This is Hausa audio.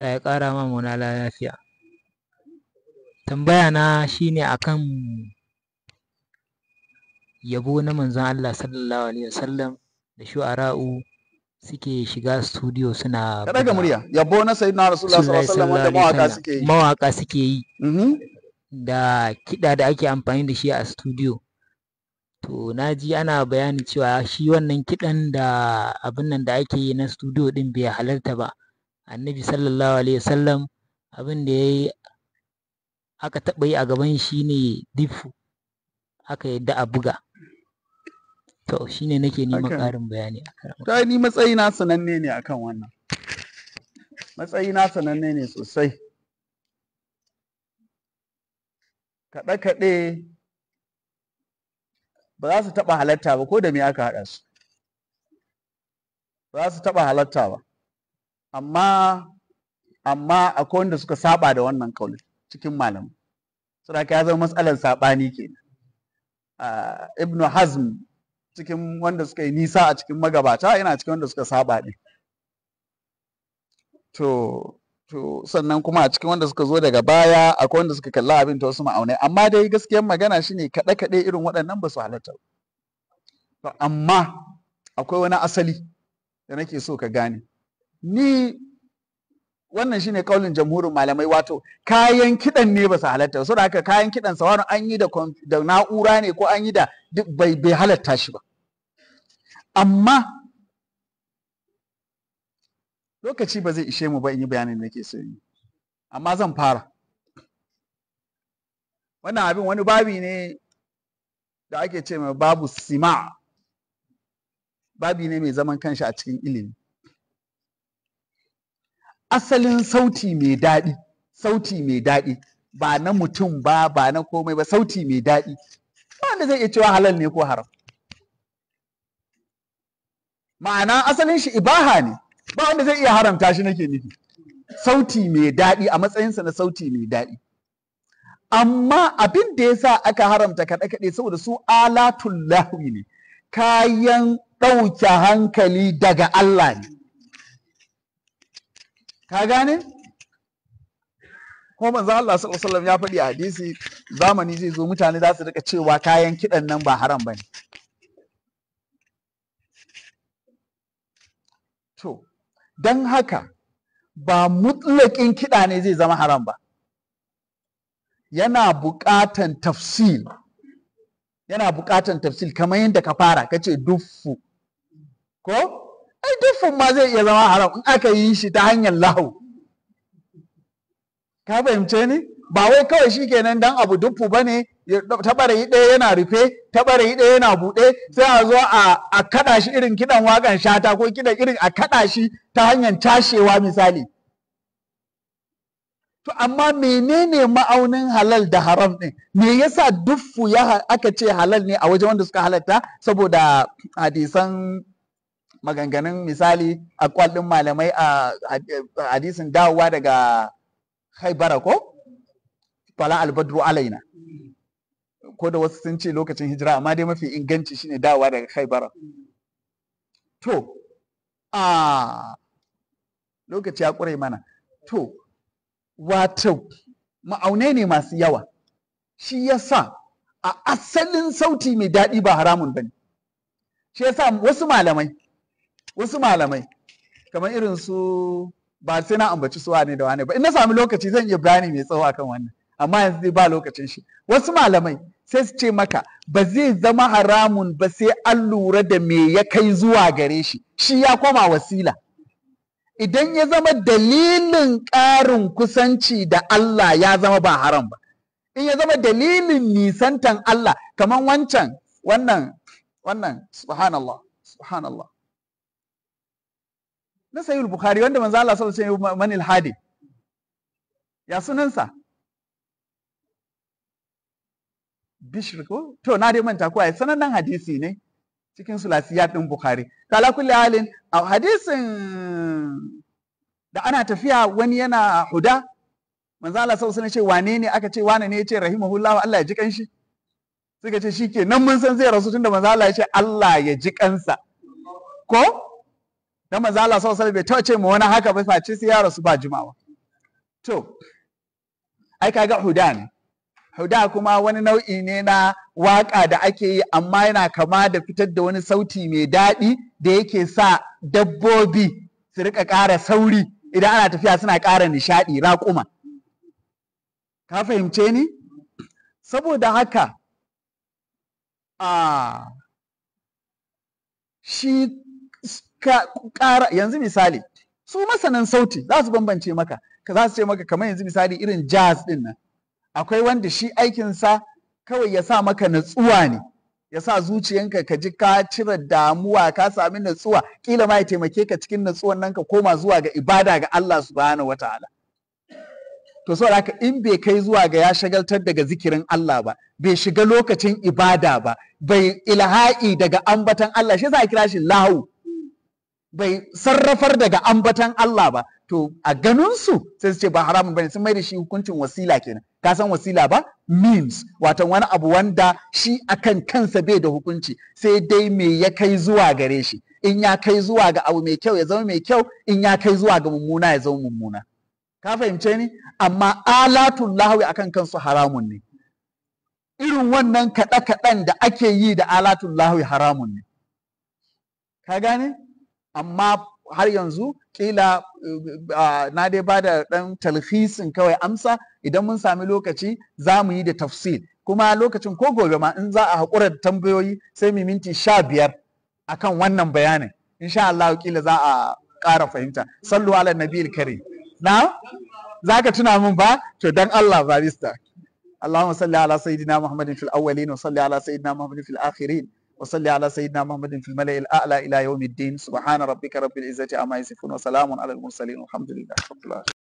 Allah ya ƙara ma mauna lafiya tambaya na shi shine akan yabo na manzon Allah sallallahu alaihi wasallam da shu'ara'u suke shiga studio suna ka daga murya yabo na sayyidina rasulullah sallallahu alaihi wasallam da mawaka suke yi mawaka suke yi mm-hmm. da kiɗa da ake amfani da shi a studio to na ji ana bayani cewa shi wannan kiɗan da abin nan da ake yi na studio ɗin bai halarta ba annabi sallallahu alaihi wasallam abin da yayi aka taɓa yi a gaban shi ne difu aka yadda a buga to shine nake neman ƙarin bayani Ta ni matsayi na sananne ne akan wannan matsayi na sananne ne sosai kaɗe-kaɗe ba za su taɓa halatta ba ko da me aka haɗa su ba za su taɓa halatta ba amma amma akwai wanda suka saba da wannan kaulin cikin suna ka ya zama matsalar sabani ke. Ah, ibnu hazm cikin wanda suka yi nisa a cikin magabata yana cikin wanda suka saba ne to to sannan kuma a cikin wanda suka zo daga baya akwai wanda suka kalla abin ta wasu ma'aunai amma dai gaskiyar magana shine kaɗe kaɗe irin waɗannan ba su halatta to amma akwai wani asali da nake so ka gane ni wannan shine kaulin jamhurin malamai wato kayan kiɗan ne ba su halatta so da haka kayan kidan sawarin an yi da na'ura ne ko an yi da duk bai bai halatta shi ba amma lokaci ba zai ishe mu ba in yi bayanin da ke so yi amma zan fara wannan abin wani babi ne da ake ce mai babu sima babi ne mai zaman kanshi a cikin ilimi asalin sauti mai daɗi sauti mai daɗi ba na mutum ba ba na komai ba sauti mai daɗi wanda zai iya cewa halal ne ko haram ma'ana asalin shi ibaha ne ba wanda zai iya haramta shi nake nufi sauti mai daɗi a matsayinsa na sauti mai daɗi amma abin da ya sa aka haramta kaɗe-kaɗe saboda su Alatun lahwi ne kayan ɗauke hankali daga Allah ne ka gane ko manzo Allah sallallahu alaihi ya faɗi a hadisi zamani zai zo mutane za su rika cewa kayan kiɗan nan ba haram bane to dan haka ba mutlaƙin kiɗa ne zai zama haram ba yana buƙatan tafsil yana buƙatan tafsil kamar yadda ka fara ka ce duffu ko ai duffin ma zai iya zama haram in aka yi shi ta hanyar lahu ka fahimce ni ba wai kawai shi kenan dan abu dufu ba ne tabarayi ɗaya yana rufe ta yi ɗaya yana buɗe sai a zo a kaɗa shi irin kiɗan wagan shata ko kiɗan irin a kaɗa shi ta hanyar tashewa misali to amma menene ma'aunin halal da haram ɗin me yasa duffu ya aka ce halal ne a wajen wanda suka halarta saboda hadisan maganganun misali a ɗin malamai a hadisin dawowa daga haibara ko fala albadru alaina ko da wasu sun ce lokacin hijira amma dai mafi inganci shine dawowa daga haibara to a lokaci ya ƙure mana to wato ma'aunai ne masu yawa shi yasa a asalin sauti mai daɗi ba haramun bane shi yasa wasu malamai wasu malamai kamar irin su ba sai na ambaci su wane da wane ba in na sami lokaci zan iya bayani mai tsawo akan wannan amma yanzu zai ba lokacin shi wasu malamai sai su ce maka ba zai zama haramun ba sai an lura da me ya kai zuwa gare shi shi ya koma wasila idan ya zama dalilin ƙarin kusanci da Allah ya zama ba haram ba in ya zama dalilin nisantan Allah kamar wancan wannan wannan subhanallah subhanallah na sayi bukhari wanda manzo Allah sallallahu alaihi wasallam manil hadi ya sunansa bishir ko to na dai manta ko ai sanannen hadisi ne cikin sulasiyat din bukhari kala kulli halin a hadisin da ana tafiya wani yana huda manzo Allah sallallahu alaihi wasallam ce wane ne aka ce wane ne ya ce rahimahullahu Allah ya ji kanshi suka ce shike nan mun san zai rasu tunda manzo Allah ya ce Allah ya ji kansa ko dan maza Allah sallallahu alaihi bai tace mu wani haka ba face sai ya rasu ba jimawa to ai kaga huda ne huda kuma wani nau'i ne na waka da ake yi amma yana kama da fitar da wani sauti mai daɗi da yake sa dabbobi su rika ƙara sauri idan ana tafiya suna ƙara nishaɗi raƙuma ka fahimce ni saboda haka a ah, shi ƙara yanzu misali su masanan sauti za su bambance maka za su ce maka kamar yanzu misali irin jazz din nan akwai wanda shi aikinsa kawai ya sa maka natsuwa ne ya sa zuciyanka ka ji ka cire damuwa ka sami natsuwa kila ma ya taimake ka cikin natsuwan nan ka koma zuwa ga ibada ga Allah subhanahu wataala to saboda haka in bai kai zuwa ga ya shagaltar daga zikirin Allah ba bai shiga lokacin ibada ba bai ilha'i daga ambatan Allah shi yasa kira shi lahu bai sarrafar daga ambatan Allah ba to a ganinsu sai su ce ba haramun bane sun mai da shi hukuncin wasila kenan ka san wasila ba means watan wani abu wanda shi akan kansa bai da hukunci sai dai me ya kai zuwa gare shi in ya kai zuwa ga abu mai kyau ya zama mai kyau in ya kai zuwa ga mummuna ya zama mummuna ka fahimce ni amma alatun lahawi akan kansu haramun ne irin wannan kaɗe-kaɗen da ake yi da alatun lahawi haramun ne ka gane amma har yanzu kila eh, ah, na dai ba da ɗan talhisin kawai amsa idan mun sami lokaci za mu yi da tafsir kuma lokacin ko gobe ma in za a haƙura da tambayoyi sai mu minti sha biyar a kan wannan bayanin insha Allah kila za a ƙara fahimta sallu ala nabi kare na za ka tuna min ba to dan Allah barista salli ala على Muhammadin fil awwalin wa salli ala sayyidina muhammadin fil akhirin وصلي على سيدنا محمد في الملأ الأعلى إلى يوم الدين سبحان ربك رب العزة عما يصفون وسلام على المرسلين والحمد لله رب العالمين